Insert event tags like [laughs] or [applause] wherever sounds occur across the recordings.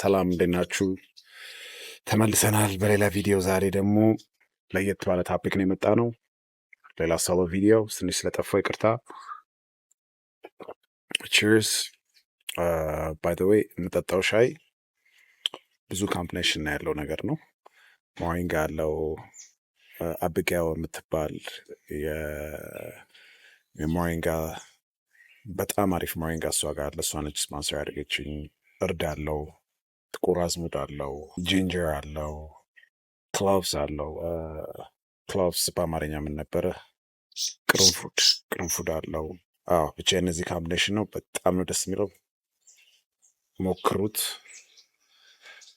ሰላም እንደናችሁ ተመልሰናል በሌላ ቪዲዮ። ዛሬ ደግሞ ለየት ባለ ታፒክ ነው የመጣ ነው። ሌላ ሰሎ ቪዲዮ ትንሽ ስለጠፋው ይቅርታ። ቺርስ ባይ ዘ የምጠጣው ሻይ ብዙ ካምፕኔሽን ና ያለው ነገር ነው። ሞሪንጋ አለው፣ uh, አብጋው የምትባል የሞሪንጋ በጣም አሪፍ ሞሪንጋ እሷ ጋር ለእሷ ነች ስፖንሰር ያደርገችኝ እርድ አለው ጥቁር አዝሙድ አለው፣ ጂንጀር አለው፣ ክሎቭስ አለው። ክሎቭስ በአማርኛ ምን ነበረ? ቅርንፉድ ቅርንፉድ አለው። አዎ ብቻ እነዚህ ካምቢኔሽን ነው። በጣም ነው ደስ የሚለው። ሞክሩት።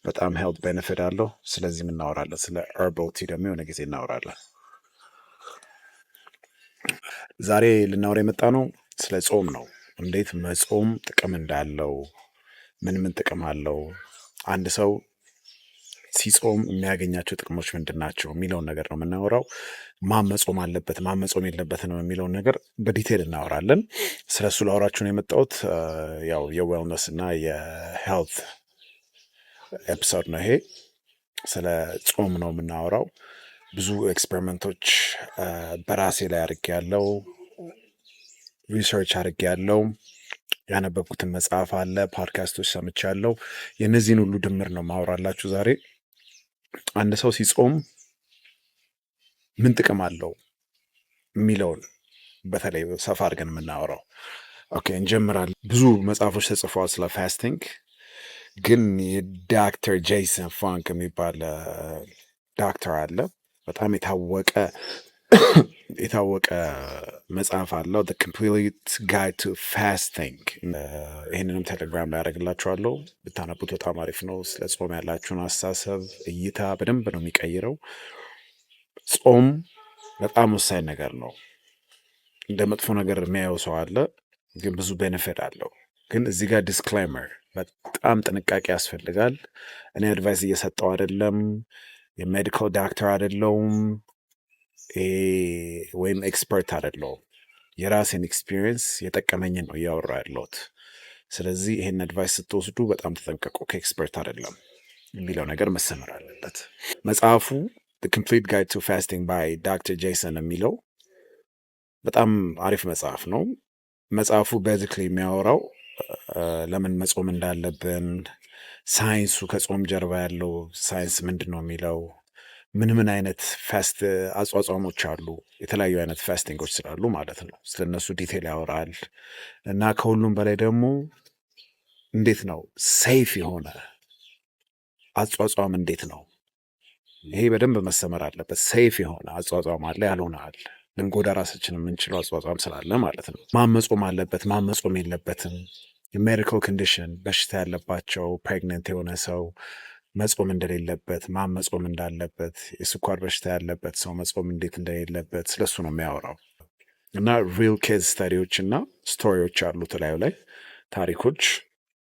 በጣም ሄልት ቤነፊት አለው። ስለዚህም እናወራለን። ስለ ኸርባል ቲ ደግሞ የሆነ ጊዜ እናወራለን። ዛሬ ልናወራ የመጣ ነው ስለ ጾም ነው። እንዴት መጾም ጥቅም እንዳለው ምን ምን ጥቅም አለው አንድ ሰው ሲጾም የሚያገኛቸው ጥቅሞች ምንድን ናቸው የሚለውን ነገር ነው የምናወራው። ማመጾም አለበት ማመጾም የለበት ነው የሚለውን ነገር በዲቴል እናወራለን። ስለሱ ላወራችሁን የመጣሁት ያው የዌልነስ እና የሄልት ኤፒሶድ ነው ይሄ። ስለ ጾም ነው የምናወራው። ብዙ ኤክስፐሪመንቶች በራሴ ላይ አድርጌ ያለው ሪሰርች አድርጌ ያለው ያነበብኩትን መጽሐፍ አለ፣ ፓድካስቶች ሰምቻለሁ። የእነዚህን ሁሉ ድምር ነው ማውራላችሁ ዛሬ። አንድ ሰው ሲጾም ምን ጥቅም አለው የሚለውን በተለይ ሰፋ አድርገን የምናወራው ኦኬ፣ እንጀምራለን። ብዙ መጽሐፎች ተጽፈዋል ስለ ፋስቲንግ ግን የዳክተር ጄይሰን ፋንክ የሚባል ዳክተር አለ በጣም የታወቀ የታወቀ መጽሐፍ አለው ኮምፕሊት ጋይድ ቱ ፋስቲንግ። ይህንንም ቴሌግራም ላይ ያደርግላችኋለሁ ብታነቡት በጣም አሪፍ ነው። ስለ ጾም ያላችሁን አስተሳሰብ እይታ በደንብ ነው የሚቀይረው። ጾም በጣም ወሳኝ ነገር ነው። እንደ መጥፎ ነገር የሚያየው ሰው አለ፣ ግን ብዙ ቤኔፊት አለው። ግን እዚህ ጋር ዲስክላይመር በጣም ጥንቃቄ ያስፈልጋል። እኔ አድቫይስ እየሰጠው አይደለም፣ የሜዲካል ዳክተር አይደለውም። Eh, ወይም ኤክስፐርት አይደለሁም። የራሴን ኤክስፒሪየንስ የጠቀመኝን ነው እያወራ ያለሁት። ስለዚህ ይህን አድቫይስ ስትወስዱ በጣም ተጠንቀቁ። ከኤክስፐርት አይደለም የሚለው ነገር መሰመር አለበት። መጽሐፉ ኮምፕሊት ጋይድ ቱ ፋስቲንግ ባይ ዶክተር ጄሰን የሚለው በጣም አሪፍ መጽሐፍ ነው። መጽሐፉ ቤዚክሊ የሚያወራው ለምን መጾም እንዳለብን፣ ሳይንሱ ከጾም ጀርባ ያለው ሳይንስ ምንድን ነው የሚለው ምን ምን አይነት ፋስት አጽዋጽሞች አሉ፣ የተለያዩ አይነት ፋስቲንጎች ስላሉ ማለት ነው። ስለነሱ ዲቴል ያወራል እና ከሁሉም በላይ ደግሞ እንዴት ነው ሰይፍ የሆነ አጽዋጽም እንዴት ነው ይሄ በደንብ መሰመር አለበት። ሰይፍ የሆነ አጽዋጽም አለ፣ ያልሆነ አለ። ልንጎዳ ራሳችን የምንችለው አጽዋጽም ስላለ ማለት ነው። ማመጾም አለበት፣ ማመጾም የለበትም። የሜዲካል ኮንዲሽን በሽታ ያለባቸው ፕሬግነንት የሆነ ሰው መጾም እንደሌለበት ማን መጾም እንዳለበት፣ የስኳር በሽታ ያለበት ሰው መጾም እንዴት እንደሌለበት ስለሱ ነው የሚያወራው እና ሪል ኬዝ ስታዲዎች እና ስቶሪዎች አሉ ተለያዩ ላይ ታሪኮች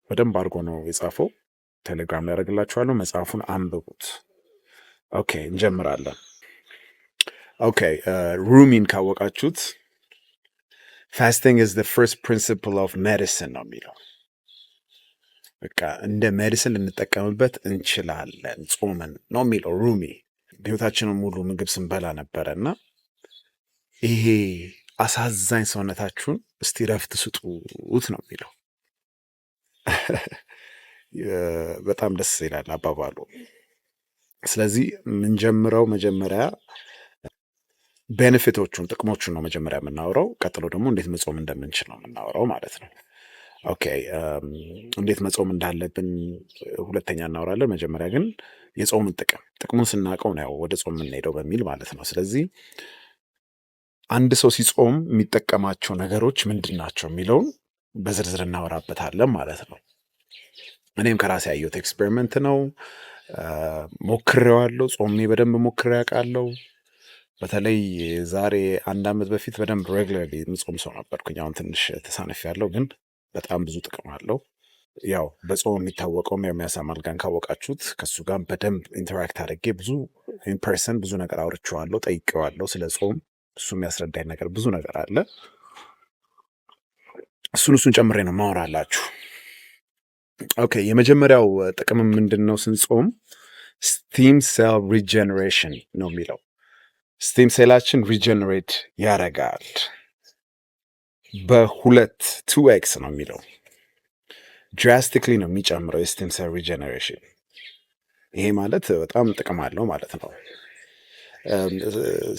በደንብ አድርጎ ነው የጻፈው። ቴሌግራም ላይ መጽሐፉን አንብቡት። ኦኬ እንጀምራለን። ኦኬ ሩሚን ካወቃችሁት ፋስቲንግ ኢዝ ዘ ፕሪንሲፕል ኦፍ ሜዲሲን ነው የሚለው በቃ እንደ መድስን ልንጠቀምበት እንችላለን ጾምን ነው የሚለው ሩሚ። ህይወታችንን ሙሉ ምግብ ስንበላ ነበረ እና ይሄ አሳዛኝ ሰውነታችሁን እስቲ ረፍት ስጡት ነው የሚለው። [laughs] በጣም ደስ ይላል አባባሉ። ስለዚህ የምንጀምረው መጀመሪያ ቤኔፊቶቹን ጥቅሞቹን ነው መጀመሪያ የምናውረው። ቀጥሎ ደግሞ እንዴት መጾም እንደምንችል ነው የምናውረው ማለት ነው። ኦኬ እንዴት መጾም እንዳለብን ሁለተኛ እናወራለን። መጀመሪያ ግን የጾምን ጥቅም ጥቅሙን ስናውቀው ነው ያው ወደ ጾም የምንሄደው በሚል ማለት ነው። ስለዚህ አንድ ሰው ሲጾም የሚጠቀማቸው ነገሮች ምንድን ናቸው የሚለውን በዝርዝር እናወራበታለን ማለት ነው። እኔም ከራሴ ያየሁት ኤክስፔሪመንት ነው። ሞክሬዋለሁ፣ ጾሜ በደንብ ሞክሬ አውቃለሁ። በተለይ ዛሬ አንድ ዓመት በፊት በደንብ ሬጉላርሊ የምጾም ሰው ነበርኩኝ። አሁን ትንሽ ተሳነፍ ያለው ግን በጣም ብዙ ጥቅም አለው። ያው በጾም የሚታወቀውም የሚያሳም አልጋን ካወቃችሁት ከሱ ጋር በደንብ ኢንተራክት አድርጌ ብዙ ኢንፐርሰን ብዙ ነገር አውርቼዋለሁ፣ ጠይቄዋለሁ ስለ ጾም። እሱ የሚያስረዳኝ ነገር ብዙ ነገር አለ። እሱን እሱን ጨምሬ ነው ማወራላችሁ። ኦኬ የመጀመሪያው ጥቅም ምንድን ነው? ስንጾም ስቲም ሴል ሪጀነሬሽን ነው የሚለው። ስቲም ሴላችን ሪጀነሬት ያደርጋል። በሁለት ቱ ኤክስ ነው የሚለው ድራስቲክሊ ነው የሚጨምረው የስቴም ሪጀነሬሽን። ይሄ ማለት በጣም ጥቅም አለው ማለት ነው።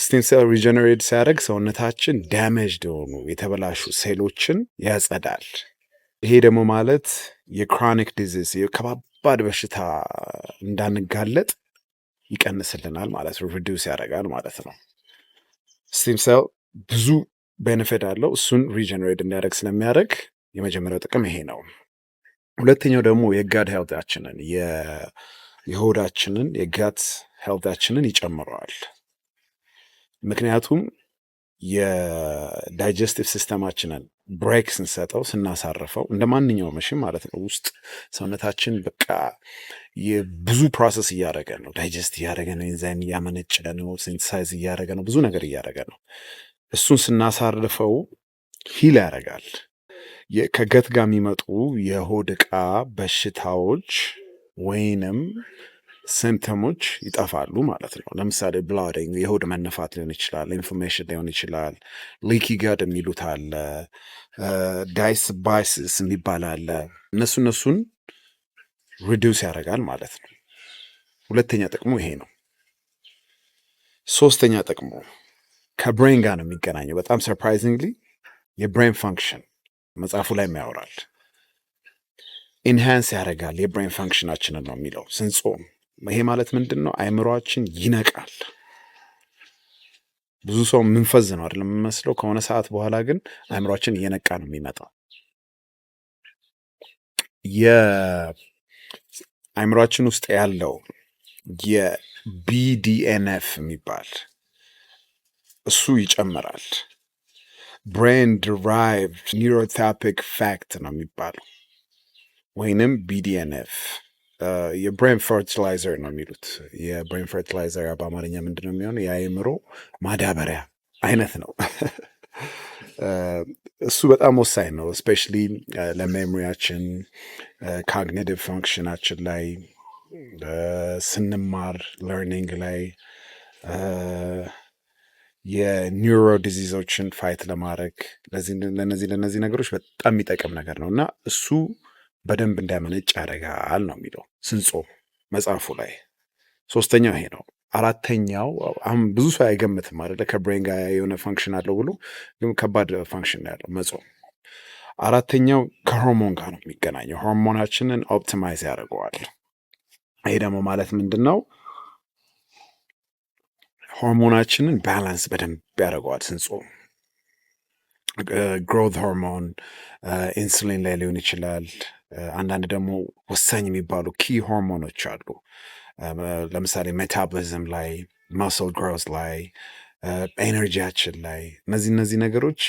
ስቴም ሴል ሪጀነሬት ሲያደርግ ሰውነታችን ዳመጅ የሆኑ የተበላሹ ሴሎችን ያጸዳል። ይሄ ደግሞ ማለት የክሮኒክ ዲዚዝ ከባባድ በሽታ እንዳንጋለጥ ይቀንስልናል ማለት ነው። ሪዲስ ያደርጋል ማለት ነው። ስቴም ብዙ ቤኔፊት አለው። እሱን ሪጀነሬት እንዲያደርግ ስለሚያደርግ የመጀመሪያው ጥቅም ይሄ ነው። ሁለተኛው ደግሞ የጋድ ሄልታችንን የሆዳችንን የጋት ሄልታችንን ይጨምረዋል። ምክንያቱም የዳይጀስቲቭ ሲስተማችንን ብሬክ ስንሰጠው ስናሳርፈው እንደ ማንኛውም መሽን ማለት ነው ውስጥ ሰውነታችን በቃ ብዙ ፕሮሰስ እያደረገ ነው። ዳይጀስት እያደረገ ነው። ኢንዛይም እያመነጨ ነው። ሲንትሳይዝ እያደረገ ነው። ብዙ ነገር እያደረገ ነው። እሱን ስናሳርፈው ሂል ያደርጋል። ከገት ጋር የሚመጡ የሆድ ዕቃ በሽታዎች ወይንም ሲምፕተሞች ይጠፋሉ ማለት ነው። ለምሳሌ ብላዲንግ የሆድ መነፋት ሊሆን ይችላል፣ ኢንፎርሜሽን ሊሆን ይችላል። ሊኪ ገድ የሚሉት አለ፣ ዳይስ ባይስስ የሚባል አለ። እነሱ እነሱን ሪዲውስ ያደርጋል ማለት ነው። ሁለተኛ ጥቅሙ ይሄ ነው። ሶስተኛ ጥቅሙ ከብሬን ጋር ነው የሚገናኘው። በጣም ሰርፕራይዚንግሊ የብሬን ፋንክሽን መጽሐፉ ላይ ያወራል። ኢንሃንስ ያደርጋል የብሬን ፋንክሽናችንን ነው የሚለው ስንጾም። ይሄ ማለት ምንድን ነው? አይምሮችን ይነቃል። ብዙ ሰው የምንፈዝ ነው አይደለም የምመስለው። ከሆነ ሰዓት በኋላ ግን አይምሮችን እየነቃ ነው የሚመጣው። የአይምሮችን ውስጥ ያለው የቢዲኤንኤፍ የሚባል እሱ ይጨምራል። ብሬን ድራይቭ ኒውሮታፒክ ፋክት ነው የሚባለው ወይንም ቢዲኤንኤፍ የብሬን ፈርቲላይዘር ነው የሚሉት። የብሬን ፈርቲላይዘር በአማርኛ ምንድን ነው የሚሆነው? የአእምሮ ማዳበሪያ አይነት ነው። [laughs] እሱ በጣም ወሳኝ ነው። እስፔሻሊ ለሜሞሪያችን፣ ካግኒቲቭ ፋንክሽናችን ላይ ስንማር፣ ለርኒንግ ላይ የኒውሮ ዲዚዞችን ፋይት ለማድረግ ለነዚህ ለነዚህ ነገሮች በጣም የሚጠቅም ነገር ነው እና እሱ በደንብ እንዳያመነጭ ያደርጋል ነው የሚለው ስንጾ መጽሐፉ ላይ። ሶስተኛው ይሄ ነው። አራተኛው አሁን ብዙ ሰው አይገምትም አይደለ? ከብሬን ጋር የሆነ ፋንክሽን አለው ብሎ ግን ከባድ ፋንክሽን ነው ያለው መጾም። አራተኛው ከሆርሞን ጋር ነው የሚገናኘው። ሆርሞናችንን ኦፕቲማይዝ ያደርገዋል። ይሄ ደግሞ ማለት ምንድን ነው? ሆርሞናችንን ባላንስ በደንብ ያደርገዋል ስንጾም። ግሮውት ሆርሞን፣ ኢንሱሊን ላይ ሊሆን ይችላል። አንዳንድ ደግሞ ወሳኝ የሚባሉ ኪ ሆርሞኖች አሉ። ለምሳሌ ሜታቦሊዝም ላይ፣ መስል ግሮዝ ላይ፣ ኤነርጂያችን ላይ እነዚህ እነዚህ ነገሮች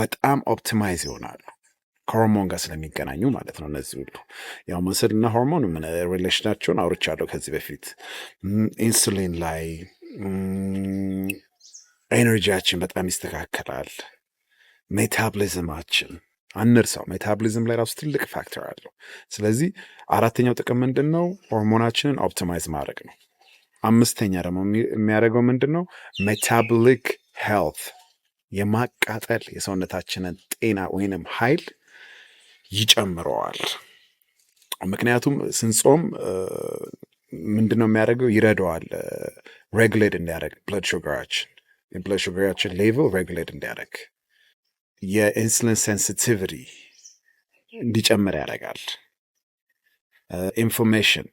በጣም ኦፕቲማይዝ ይሆናሉ ከሆርሞን ጋር ስለሚገናኙ ማለት ነው። እነዚህ ሁሉ ያው መስል እና ሆርሞን ምን ሪሌሽናቸውን አውርቻለሁ ከዚህ በፊት ኢንሱሊን ላይ ኤነርጂያችን በጣም ይስተካከላል። ሜታብሊዝማችን አንርሳው፣ ሜታብሊዝም ላይ ራሱ ትልቅ ፋክተር አለው። ስለዚህ አራተኛው ጥቅም ምንድን ነው? ሆርሞናችንን ኦፕቲማይዝ ማድረግ ነው። አምስተኛ ደግሞ የሚያደርገው ምንድን ነው? ሜታቦሊክ ሄልት የማቃጠል የሰውነታችንን ጤና ወይንም ኃይል ይጨምረዋል። ምክንያቱም ስንጾም ምንድን ነው የሚያደርገው? ይረደዋል ሬግሌት እንዲያደርግ ብለድ ሹጋራችን የብለድ ሹጋራችን ሌቭል ሬግሌት እንዲያደርግ የኢንሱሊን ሴንሲቲቪቲ እንዲጨምር ያደርጋል። ኢንፎርሜሽን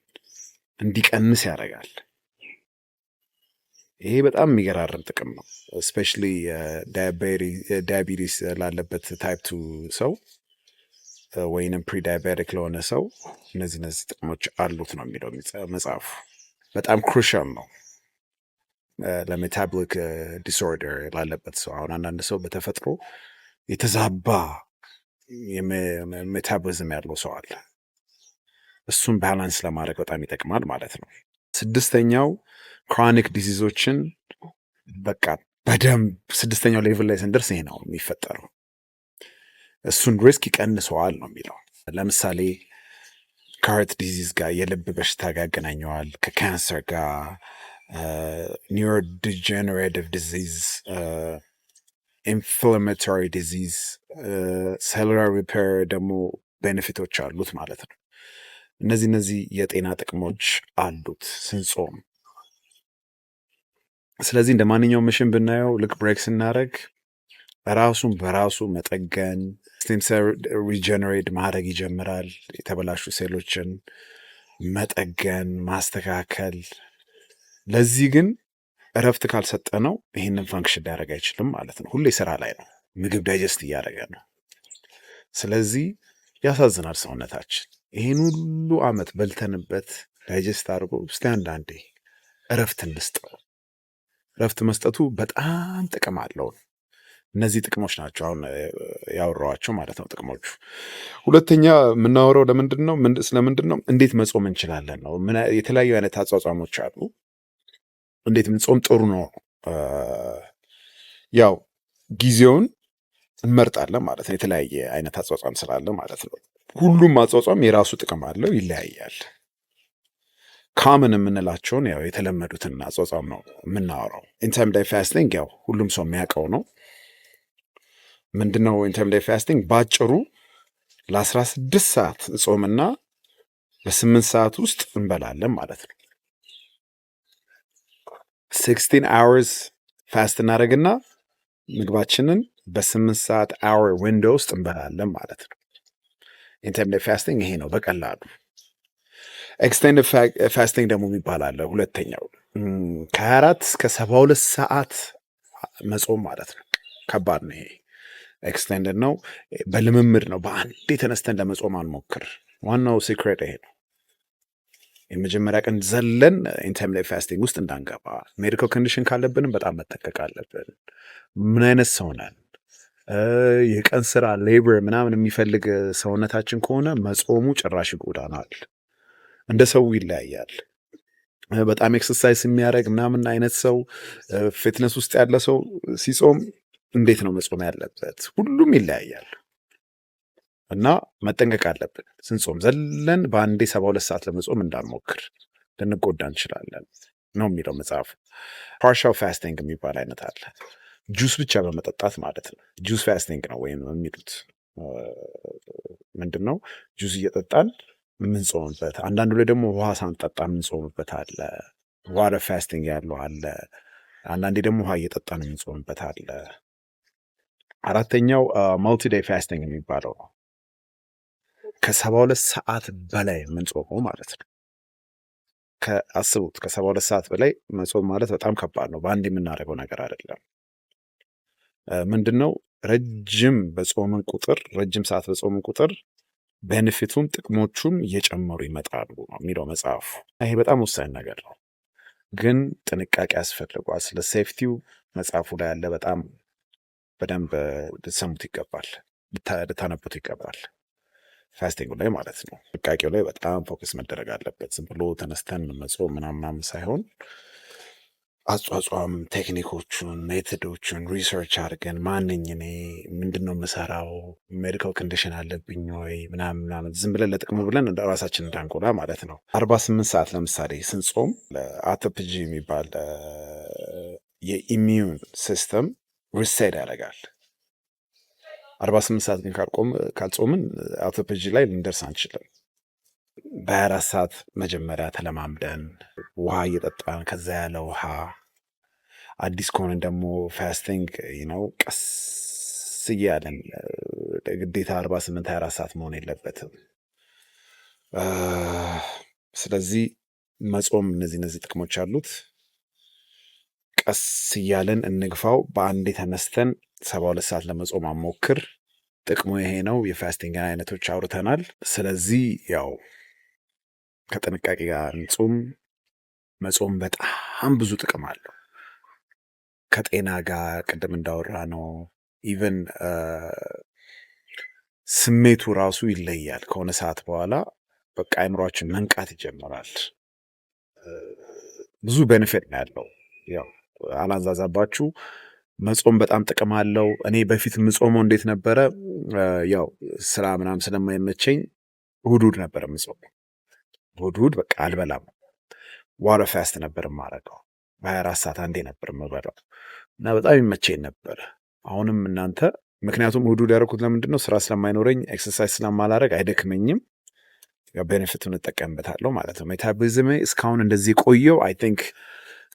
እንዲቀንስ ያደርጋል። ይሄ በጣም የሚገራርም ጥቅም ነው። ስፔሻሊ ዳያቤቲስ ላለበት ታይፕ ቱ ሰው ወይንም ፕሪዳያቤቲክ ለሆነ ሰው እነዚህ እነዚህ ጥቅሞች አሉት ነው የሚለው መጽሐፉ። በጣም ክሩሻል ነው ለሜታቦሊክ ዲስኦርደር ላለበት ሰው። አሁን አንዳንድ ሰው በተፈጥሮ የተዛባ ሜታቦሊዝም ያለው ሰው አለ። እሱን ባላንስ ለማድረግ በጣም ይጠቅማል ማለት ነው። ስድስተኛው ክሮኒክ ዲዚዞችን በቃ በደንብ ስድስተኛው ሌቭል ላይ ስንደርስ ይሄ ነው የሚፈጠረው እሱን ሪስክ ይቀንሰዋል ነው የሚለው። ለምሳሌ ከሀርት ዲዚዝ ጋር የልብ በሽታ ጋር ያገናኘዋል፣ ከካንሰር ጋር ኒውሮ ዲጀነሬቲቭ ዲዚዝ፣ ኢንፍላማቶሪ ዲዚዝ፣ ሴሉላር ሪፔር ደግሞ ቤኔፊቶች አሉት ማለት ነው። እነዚህ እነዚህ የጤና ጥቅሞች አሉት ስንጾም። ስለዚህ እንደ ማንኛውም ምሽን ብናየው ልክ ብሬክ ስናደርግ ራሱን በራሱ መጠገን ስቴምሰር ሪጀነሬት ማድረግ ይጀምራል። የተበላሹ ሴሎችን መጠገን፣ ማስተካከል። ለዚህ ግን እረፍት ካልሰጠ ነው ይህንን ፈንክሽን ሊያደርግ አይችልም ማለት ነው። ሁሌ ስራ ላይ ነው። ምግብ ዳይጀስት እያደረገ ነው። ስለዚህ ያሳዝናል። ሰውነታችን ይህን ሁሉ አመት በልተንበት ዳይጀስት አድርጎ እስቲ አንዳንዴ እረፍት እንስጠው። እረፍት መስጠቱ በጣም ጥቅም አለው። እነዚህ ጥቅሞች ናቸው አሁን ያወራኋቸው ማለት ነው ጥቅሞቹ። ሁለተኛ የምናወራው ለምንድን ነው ስለምንድን ነው እንዴት መጾም እንችላለን ነው። የተለያዩ አይነት አጻጻሞች አሉ። እንዴት ምንጾም ጥሩ ነው ያው ጊዜውን እንመርጣለን ማለት ነው። የተለያየ አይነት አጻጻም ስላለ ማለት ነው። ሁሉም አጻጻም የራሱ ጥቅም አለው፣ ይለያያል። ካምን የምንላቸውን ያው የተለመዱትን አጻጻም ነው የምናወራው። ኢንተርሚተንት ፋስቲንግ ያው ሁሉም ሰው የሚያውቀው ነው። ምንድነው ኢንተርም ፋስቲንግ በአጭሩ ለ16 ሰዓት እጾምና በስምንት ሰዓት ውስጥ እንበላለን ማለት ነው። ሲክስቲን አወርስ ፋስት እናደርግና ምግባችንን በስምንት ሰዓት አወር ዊንዶ ውስጥ እንበላለን ማለት ነው። ኢንተርሚዲየት ፋስቲንግ ይሄ ነው በቀላሉ። ኤክስቴንድ ፋስቲንግ ደግሞ የሚባላለ ሁለተኛው ከ24 እስከ 72 ሰዓት መጾም ማለት ነው። ከባድ ነው ይሄ። ኤክስቴንደድ ነው። eh, በልምምድ ነው። በአንዴ ተነስተን ለመጾም አንሞክር። ዋናው ሲክሬት ይሄ ነው። የመጀመሪያ ቀን ዘለን ኢንተርሚዲት ፋስቲንግ ውስጥ እንዳንገባ። ሜዲካል ኮንዲሽን ካለብንም በጣም መጠቀቅ አለብን። ምን አይነት ሰው የቀን ስራ ሌበር ምናምን የሚፈልግ ሰውነታችን ከሆነ መጾሙ ጭራሽ ይጎዳናል። እንደ ሰው ይለያያል። በጣም ኤክሰርሳይዝ የሚያደርግ ምናምን አይነት ሰው፣ ፊትነስ ውስጥ ያለ ሰው ሲጾም እንዴት ነው መጾም ያለበት? ሁሉም ይለያያል እና መጠንቀቅ አለብን። ስንጾም ዘለን በአንዴ ሰባ ሁለት ሰዓት ለመጾም እንዳንሞክር ልንጎዳ እንችላለን ነው የሚለው መጽሐፍ ፓርሻል ፋስቲንግ የሚባል አይነት አለ። ጁስ ብቻ በመጠጣት ማለት ነው። ጁስ ፋስቲንግ ነው ወይም የሚሉት ምንድን ነው? ጁስ እየጠጣን የምንጾምበት፣ አንዳንዱ ላይ ደግሞ ውሃ ሳንጠጣ የምንጾምበት አለ። ዋተር ፋስቲንግ ያለው አለ። አንዳንዴ ደግሞ ውሃ እየጠጣን የምንጾምበት አለ። አራተኛው ዴይ ፋስቲንግ የሚባለው ነው። ከሰባ ሁለት ሰዓት በላይ የምንጾመው ማለት ነው። ከአስቡት ከሰባ ሁለት ሰዓት በላይ መጾም ማለት በጣም ከባድ ነው። በአንድ የምናደርገው ነገር አይደለም። ምንድን ነው ረጅም በጾምን ቁጥር ረጅም ሰዓት በጾምን ቁጥር ቤኔፊቱም ጥቅሞቹም እየጨመሩ ይመጣሉ ነው የሚለው መጽሐፉ። ይሄ በጣም ወሳኝ ነገር ነው፣ ግን ጥንቃቄ ያስፈልጓል። ስለ ሴፍቲው መጽሐፉ ላይ ያለ በጣም በደንብ ልትሰሙት ይገባል፣ ልታነቡት ይገባል። ፋስቲንግ ላይ ማለት ነው። ጥንቃቄው ላይ በጣም ፎከስ መደረግ አለበት። ዝም ብሎ ተነስተን መጾም ምናምናም ሳይሆን አጿጿም ቴክኒኮቹን፣ ሜትዶቹን ሪሰርች አድርገን ማንኝ እኔ ምንድን ነው የምሰራው ሜዲካል ኮንዲሽን አለብኝ ወይ ምናምን ዝም ብለን ለጥቅሙ ብለን ራሳችን እንዳንጎላ ማለት ነው። አርባ ስምንት ሰዓት ለምሳሌ ስንጾም ለአቶፕጂ የሚባል የኢሚዩን ሲስተም ሪሴድ ያደርጋል። አርባ ስምንት ሰዓት ግን ካልጾምን አውቶፐጂ ላይ ልንደርስ አንችልም። በሀያ አራት ሰዓት መጀመሪያ ተለማምደን ውሃ እየጠጣን ከዛ ያለ ውሃ አዲስ ከሆነን ደግሞ ፋስቲንግ ነው ቀስ እያለን ግዴታ አርባ ስምንት ሀያ አራት ሰዓት መሆን የለበትም። ስለዚህ መጾም እነዚህ እነዚህ ጥቅሞች አሉት። ቀስ እያለን እንግፋው። በአንዴ ተነስተን ሰባ ሁለት ሰዓት ለመጾም አሞክር። ጥቅሙ ይሄ ነው። የፋስቲንግን አይነቶች አውርተናል። ስለዚህ ያው ከጥንቃቄ ጋር እንጹም። መጾም በጣም ብዙ ጥቅም አለው። ከጤና ጋር ቅድም እንዳወራ ነው። ኢቨን ስሜቱ ራሱ ይለያል። ከሆነ ሰዓት በኋላ በቃ አይምሯችን መንቃት ይጀምራል። ብዙ ቤኔፊት ነው ያለው ያው አላንዛዛባችሁ። መጾም በጣም ጥቅም አለው። እኔ በፊት ምጾመው እንዴት ነበረ? ያው ስራ ምናም ስለማይመቸኝ እሁድ ነበር ምጾመው። እሑድ በቃ አልበላም። ዋረ ፋስት ነበር ማረገው። በሀያ አራት ሰዓት አንዴ ነበር ምበላው እና በጣም ይመቸኝ ነበረ። አሁንም እናንተ ምክንያቱም እሑድ ያደረኩት ለምንድን ነው? ስራ ስለማይኖረኝ ኤክሰርሳይዝ ስለማላረግ አይደክመኝም። ቤኔፊቱን እጠቀምበታለሁ ማለት ነው። ሜታቦሊዝሜ እስካሁን እንደዚህ ቆየው። አይ ቲንክ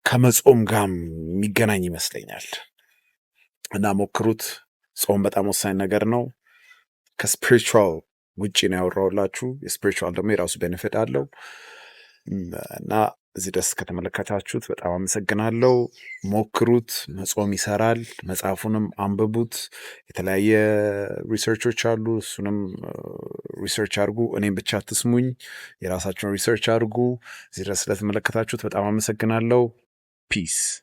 ከመጾም ጋር የሚገናኝ ይመስለኛል እና ሞክሩት። ጾም በጣም ወሳኝ ነገር ነው። ከስፒሪቹዋል ውጭ ነው ያወራውላችሁ። የስፒሪቹዋል ደግሞ የራሱ ቤኔፊት አለው እና እዚህ ደስ ከተመለከታችሁት በጣም አመሰግናለሁ። ሞክሩት፣ መጾም ይሰራል። መጽሐፉንም አንብቡት። የተለያየ ሪሰርቾች አሉ። እሱንም ሪሰርች አድርጉ። እኔም ብቻ ትስሙኝ የራሳችሁን ሪሰርች አድርጉ። እዚህ ድረስ ስለተመለከታችሁት በጣም አመሰግናለሁ። Peace